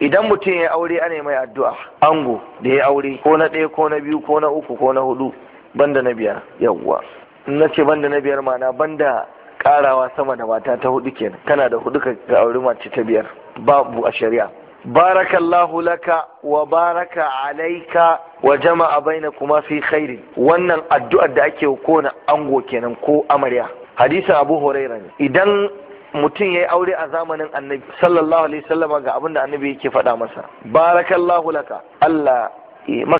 idan mutum ya aure ana mai addu'a ango da ya aure ko na ɗaya ko na biyu ko na uku ko na hudu banda na biyar yawwa na ce banda na biyar mana banda karawa sama da mata ta hudu kenan kana da hudu ka aure mace ta biyar babu a shari'a barakallahu laka wa baraka alaika wa jama'a baina kuma fi khairi wannan addu'ar da ake kona ango kenan ko amarya hadisin abu huraira ne idan mutum ya yi aure a zamanin annabi sallallahu alaihi sallama ga abin da annabi yake faɗa masa barakallahu laka Allah